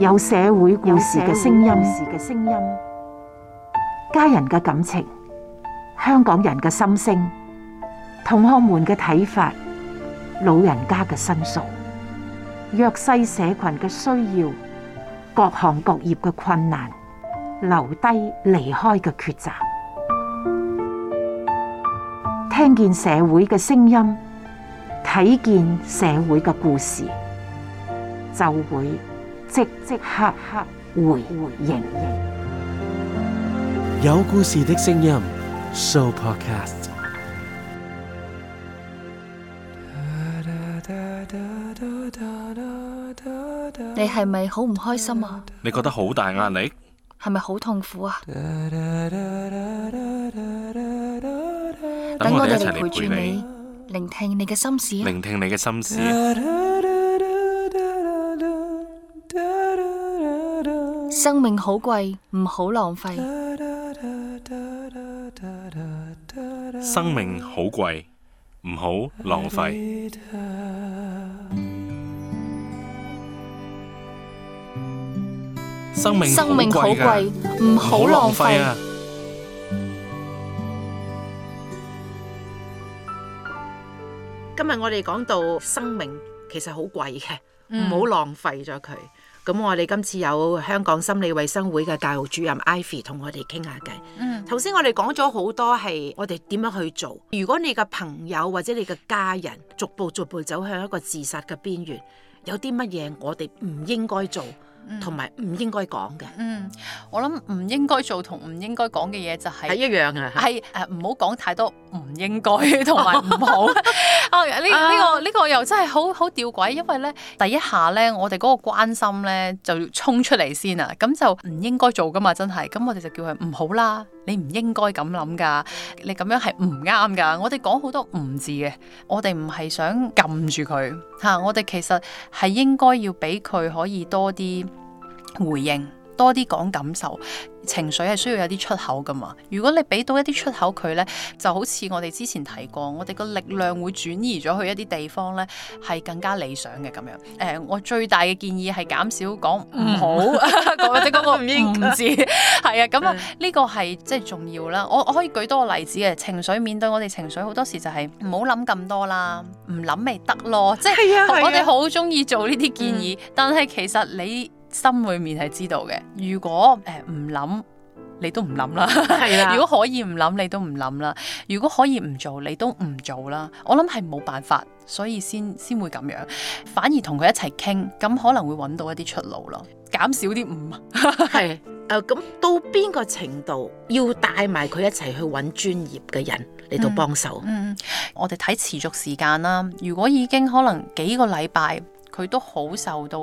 有社會故事嘅聲音，家人嘅感情，香港人嘅心聲，同學們嘅睇法，老人家嘅申訴，弱勢社群嘅需要，各行各業嘅困難，留低離開嘅抉擇，聽見社會嘅聲音，睇見社會嘅故事，就會。即即刻刻回回應應，有故事的聲音，Sooo Podcast。你係咪好唔開心啊？你覺得好大壓力？係咪好痛苦啊？等我哋一齊嚟陪住你，聆聽你嘅心事，聆聽你嘅心事。生命好貴，唔好浪費。生命好貴，唔好浪費。生命好貴，唔好浪費。今日我哋講到生命其實好貴嘅，唔好浪費咗佢。嗯咁我哋今次有香港心理衛生會嘅教育主任 Ivy 同我哋傾下偈。嗯，頭先我哋講咗好多係我哋點樣去做。如果你嘅朋友或者你嘅家人逐步逐步走向一個自殺嘅邊緣，有啲乜嘢我哋唔應該做，同埋唔應該講嘅。嗯。嗯，我諗唔應該做同唔應該講嘅嘢就係、係、係一樣嘅。係誒是，唔好講太多唔應該同埋唔好。 呢呢、oh, uh, 這個呢、這個又真係好好吊詭，因為咧第一下咧，我哋嗰個關心咧就衝出嚟先啊，咁就唔應該做噶嘛，真係。咁我哋就叫佢唔好啦，你唔應該咁諗噶，你咁樣係唔啱噶。我哋講好多唔字嘅，我哋唔係想撳住佢嚇、啊，我哋其實係應該要俾佢可以多啲回應。多啲講感受，情緒係需要有啲出口噶嘛。如果你俾到一啲出口佢咧，就好似我哋之前提過，我哋個力量會轉移咗去一啲地方咧，係更加理想嘅咁樣。誒、呃，我最大嘅建議係減少講唔好，或者講個唔應該，係 啊。咁啊，呢個係即係重要啦。我我可以舉多個例子嘅情，情緒，面對我哋情緒好多時就係唔好諗咁多啦，唔諗咪得咯。即係、啊啊、我哋好中意做呢啲建議，嗯、但係其實你。心裏面係知道嘅，如果誒唔諗，你都唔諗啦，的啦。如果可以唔諗，你都唔諗啦。如果可以唔做，你都唔做啦。我諗係冇辦法，所以先先會咁樣，反而同佢一齊傾，咁可能會揾到一啲出路咯，減少啲唔係誒。咁到邊個程度要帶埋佢一齊去揾專業嘅人嚟到幫手？我哋睇持續時間啦。如果已經可能幾個禮拜。佢都好受到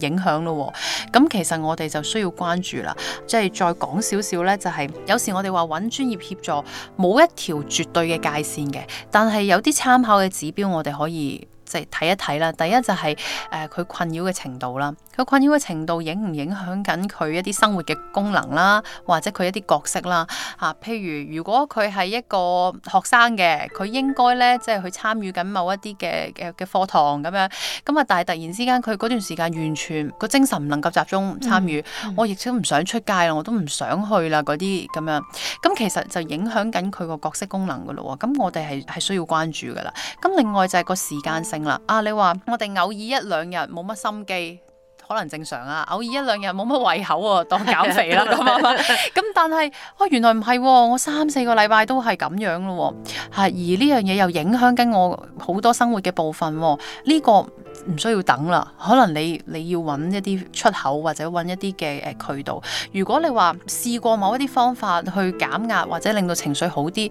影響咯，咁其實我哋就需要關注啦，即係再講少少呢，就係有時我哋話揾專業協助，冇一條絕對嘅界線嘅，但係有啲參考嘅指標，我哋可以。即係睇一睇啦，第一就係誒佢困擾嘅程度啦，佢困擾嘅程度影唔影響緊佢一啲生活嘅功能啦，或者佢一啲角色啦嚇、啊。譬如如果佢係一個學生嘅，佢應該咧即係佢參與緊某一啲嘅嘅嘅課堂咁樣，咁啊，但係突然之間佢嗰段時間完全個精神唔能夠集中參與，嗯、我亦都唔想出街啦，我都唔想去啦嗰啲咁樣。咁、嗯嗯嗯、其實就影響緊佢個角色功能噶咯喎。咁、嗯、我哋係係需要關注噶啦。咁、嗯、另外就係個時間性。啊，你話我哋偶爾一兩日冇乜心機，可能正常啊。偶爾一兩日冇乜胃口喎，當減肥啦咁 但係，啊，原來唔係、啊，我三四個禮拜都係咁樣咯、啊。吓、啊，而呢樣嘢又影響緊我好多生活嘅部分、啊。呢、這個。唔需要等啦，可能你你要揾一啲出口或者揾一啲嘅、呃、渠道。如果你話試過某一啲方法去減壓或者令到情緒好啲，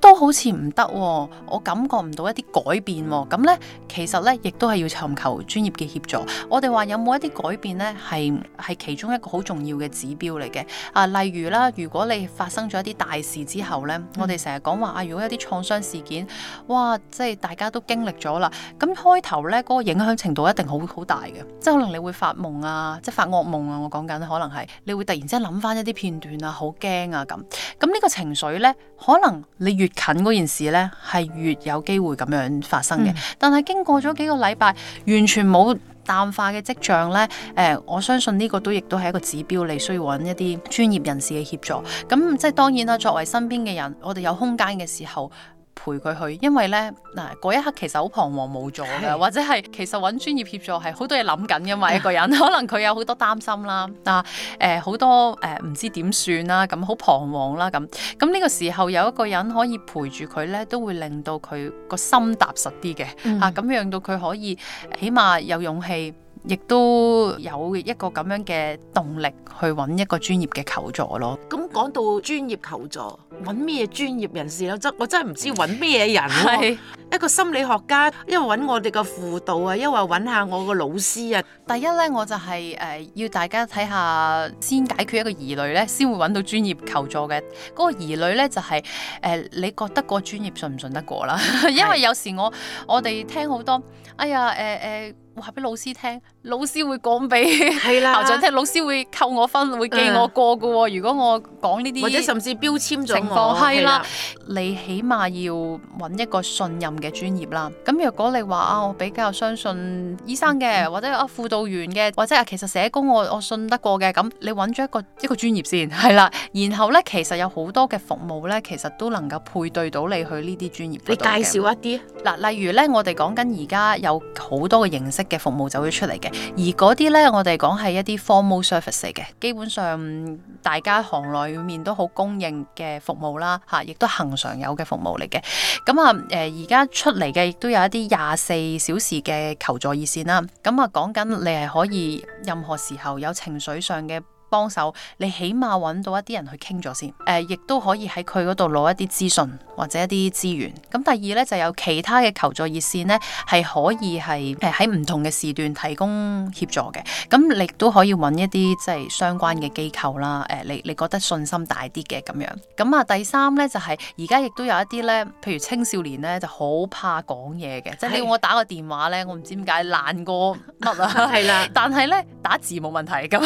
都好似唔得喎，我感覺唔到一啲改變、哦。咁咧，其實咧亦都係要尋求專業嘅協助。我哋話有冇一啲改變咧，係係其中一個好重要嘅指標嚟嘅。啊，例如啦，如果你發生咗一啲大事之後咧，嗯、我哋成日講話啊，如果一啲創傷事件，哇，即係大家都經歷咗啦。咁開頭咧個影。影響程度一定好好大嘅，即係可能你會發夢啊，即係發惡夢啊。我講緊可能係你會突然之間諗翻一啲片段啊，好驚啊咁。咁呢個情緒咧，可能你越近嗰件事咧，係越有機會咁樣發生嘅。嗯、但係經過咗幾個禮拜，完全冇淡化嘅跡象咧，誒、呃，我相信呢個都亦都係一個指標，你需要揾一啲專業人士嘅協助。咁即係當然啦，作為身邊嘅人，我哋有空間嘅時候。陪佢去，因為咧嗱，嗰、啊、一刻其實好彷徨無助噶，是或者係其實揾專業協助係好多嘢諗緊㗎嘛，因為， 一個人可能佢有好多擔心啦，啊，誒、呃，好多誒唔、呃、知點算啦，咁好彷徨啦，咁咁呢個時候有一個人可以陪住佢咧，都會令到佢個心踏實啲嘅，嗯、啊，咁讓到佢可以起碼有勇氣。亦都有一個咁樣嘅動力去揾一個專業嘅求助咯。咁講到專業求助，揾咩專業人士咧？我真係唔知揾咩人。係是一個心理學家，因為揾我哋嘅輔導啊，因為揾下我個老師啊。第一呢，我就係、是、誒、呃、要大家睇下先解決一個疑慮呢，先會揾到專業求助嘅。嗰、那個疑慮呢、就是，就係誒，你覺得個專業信唔信得過啦？ 因為有時我我哋聽好多，哎呀誒誒。呃呃呃話俾老師聽，老師會講俾校長聽，的老師會扣我分，會記我過嘅喎。嗯、如果我講呢啲，或者甚至標籤咗我，係啦，的你起碼要揾一個信任嘅專業啦。咁若果你話、嗯、啊，我比較相信醫生嘅、嗯啊，或者啊輔導員嘅，或者啊其實社工我我信得過嘅，咁你揾咗一個一個專業先，係啦。然後呢，其實有好多嘅服務呢，其實都能夠配對到你去呢啲專業。你介紹一啲嗱，例如呢，我哋講緊而家有好多嘅形式。嘅服務就會出嚟嘅，而嗰啲呢，我哋講係一啲 formal service 嚟嘅，基本上大家行裏面都好公認嘅服務啦，嚇，亦都恒常有嘅服務嚟嘅。咁、嗯、啊，誒而家出嚟嘅亦都有一啲廿四小時嘅求助熱線啦。咁、嗯、啊，講緊你係可以任何時候有情緒上嘅。幫手，你起碼揾到一啲人去傾咗先，誒、呃，亦都可以喺佢嗰度攞一啲資訊或者一啲資源。咁、嗯、第二咧，就是、有其他嘅求助熱線咧，係可以係誒喺唔同嘅時段提供協助嘅。咁、嗯、你都可以揾一啲即係相關嘅機構啦，誒、呃，你你覺得信心大啲嘅咁樣。咁、嗯、啊，第三咧就係而家亦都有一啲咧，譬如青少年咧就好怕講嘢嘅，即係是你要我打個電話咧，我唔知點解爛過乜啊，係啦 的。但係咧，打字冇問題咁，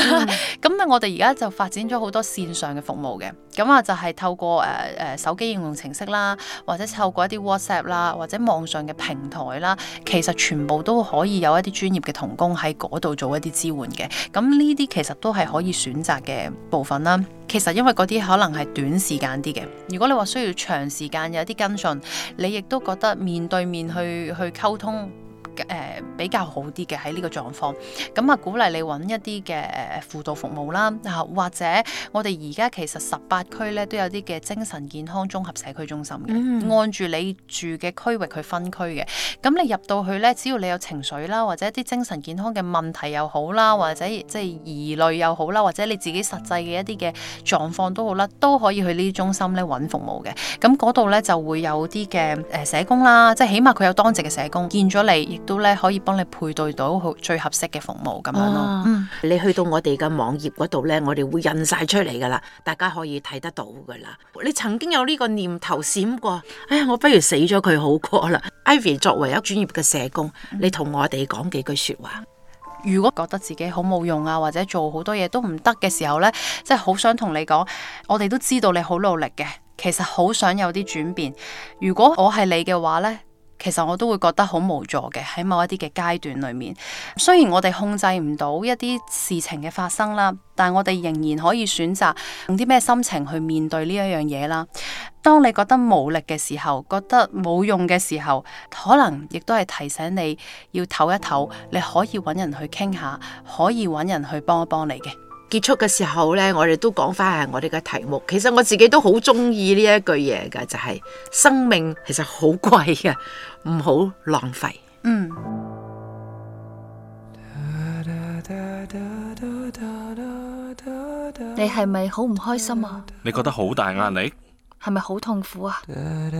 咁啊我。 嗯我哋而家就發展咗好多線上嘅服務嘅，咁啊就係透過誒誒、呃呃、手機應用程式啦，或者透過一啲 WhatsApp 啦，或者網上嘅平台啦，其實全部都可以有一啲專業嘅同工喺嗰度做一啲支援嘅。咁呢啲其實都係可以選擇嘅部分啦。其實因為嗰啲可能係短時間啲嘅，如果你話需要長時間有啲跟進，你亦都覺得面對面去去溝通。誒、呃、比較好啲嘅喺呢個狀況，咁啊鼓勵你揾一啲嘅誒輔導服務啦，嚇、啊、或者我哋而家其實十八區咧都有啲嘅精神健康綜合社區中心嘅，嗯、按住你住嘅區域去分區嘅，咁你入到去咧，只要你有情緒啦，或者一啲精神健康嘅問題又好啦，或者即係疑慮又好啦，或者你自己實際嘅一啲嘅狀況都好啦，都可以去呢啲中心咧揾服務嘅，咁嗰度咧就會有啲嘅誒社工啦，即係起碼佢有當值嘅社工見咗你。都咧可以幫你配對到好最合適嘅服務咁樣咯。哦嗯、你去到我哋嘅網頁嗰度咧，我哋會印晒出嚟噶啦，大家可以睇得到噶啦。你曾經有呢個念頭閃過，哎呀，我不如死咗佢好過啦。Ivy 作為一專業嘅社工，嗯、你同我哋講幾句說話。如果覺得自己好冇用啊，或者做好多嘢都唔得嘅時候咧，即係好想同你講，我哋都知道你好努力嘅，其實好想有啲轉變。如果我係你嘅話咧。其實我都會覺得好無助嘅，喺某一啲嘅階段裏面，雖然我哋控制唔到一啲事情嘅發生啦，但係我哋仍然可以選擇用啲咩心情去面對呢一樣嘢啦。當你覺得無力嘅時候，覺得冇用嘅時候，可能亦都係提醒你要唞一唞，你可以揾人去傾下，可以揾人去幫一幫你嘅。結束嘅時候咧，我哋都講翻下我哋嘅題目。其實我自己都好中意呢一句嘢㗎，就係生命其實好貴嘅，唔好浪費。嗯。你係咪好唔開心啊？你覺得好大壓力？係咪好痛苦啊？等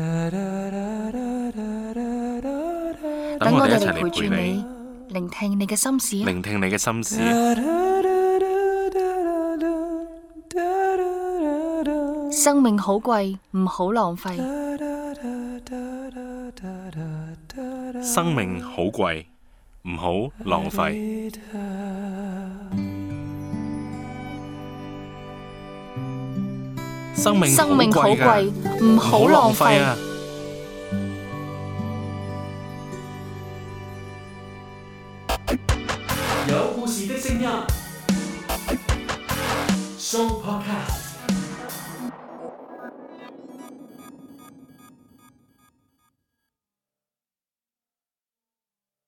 我哋一齊嚟陪住你，聆聽你嘅心事。聆聽你嘅心事。生命好貴，唔好浪費。生命好貴，唔好浪費。生命生命好貴，唔好浪費啊！有故事的聲音，Sooo Podcast。